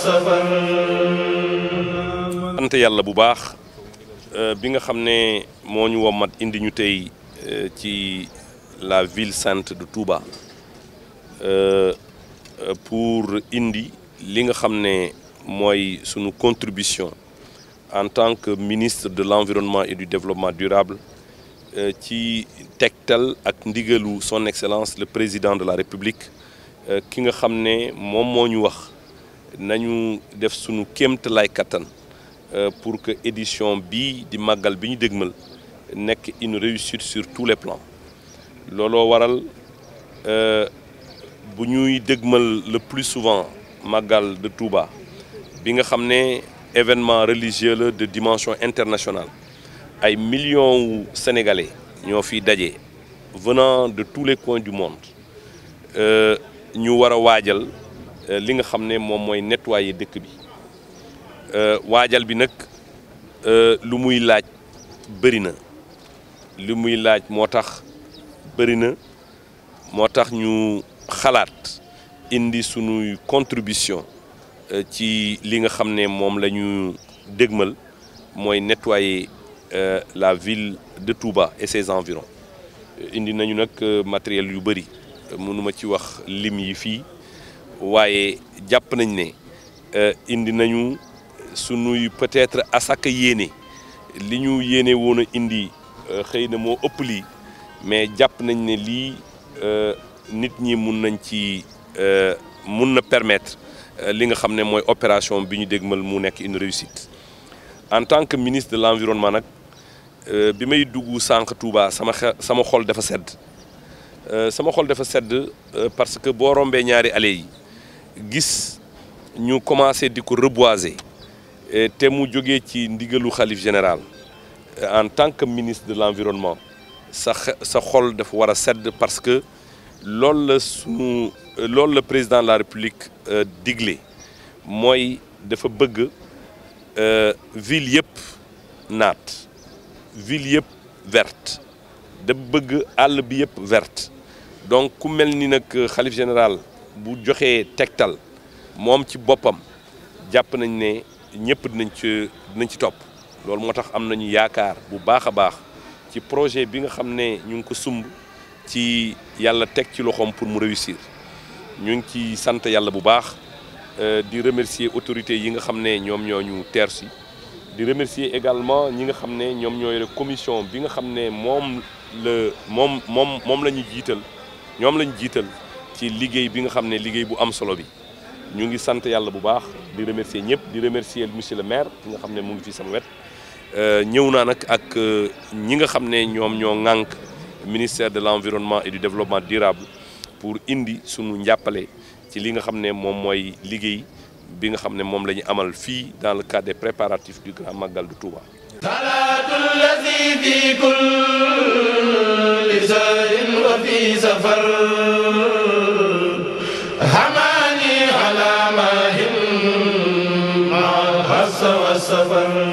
safar sant yalla bu baax euh, bi nga xamné indi ñu tay euh, ci la ville sainte de Touba euh, pour indi li nga xamné sous suñu contributions contribution en tant que ministre de l'environnement et du développement durable ci tektal ak ndigalu son excellence le président de la république ki nga xamné mom wax nañu def sunu kéemtalaay kattan euh, pour que édition de Magal soit une réussite sur tous les plans Lolo waral euh, bu ñuy dégmal le plus souvent Magal de Touba bi nga événement religieux de dimension internationale ay millions de sénégalais millions de Sénégalais venant de tous les coins du monde Nous euh, war euh, li nga xam ne moom mooy nettoyer dëkk bi euh, waajal bi nag euh, lu muy laaj bëri na lu muy laaj motax ñu indi sunu contribution ci li nga xam ne moom la la ville de Touba et ses environs indi nañu nak matériel yu bëri mënuma ci wax lim yi nous indi nañu peut-être asaka yéné liñu yéné wona indi xëy mais nous nañ ne euh, euh, euh nit ñi nañ euh, permettre li nga xamné opération réussite en tant que ministre de l'environnement je bi may dugg sank Touba sama sama xol dafa sama xol dafa parce que bo ñaari gis ñu commencé à reboiser reboiser té mu joggé ci le khalif général euh, en tant que ministre de l'environnement sa sa xol dafa wara parce que lool le euh, président de la république euh, diglé, moy dafa bëgg ville yépp nat ville yépp verte da bëgg all bi yépp verte donc ku melni nak khalif général bu joxee tegtal moom ci boppam jàpp nañ ne ñëpp dinañ ci dinañ ci topp loolu moo tax am nañu yaakaar bu baax a baax ci projet bi nga xam ne ñu ngi ko sumb ci yàlla teg ci loxoom pour mu réussir ñu ngi ci sant yàlla bu baax euh, di remercier autorités yi nga xam ne ñoom ñoo ñu teer si di remercier également ñi nga xam ne ñoom ñoo yore commission bi nga xam ne moom la moom moom moom la ñu jiital ñoom la jiital ci liggéey bi nga xamné ne bu am solo bi ñu ngi sante yalla bu baax di remercier ñep di remercier monsieur le maire ki nga xamné ne mu ngi fii sama wet euh ñewna nak ak euh, ñi nga xamné ñom ñoom ñoo ŋànk ministère de l'environnement et du développement durable pour indi suñu njàppale ci li nga xamné mom moy mooy bi nga xamné mom moom amal fi dans le cadre des préparatifs du Grand Magal de Touba. salaatu suffer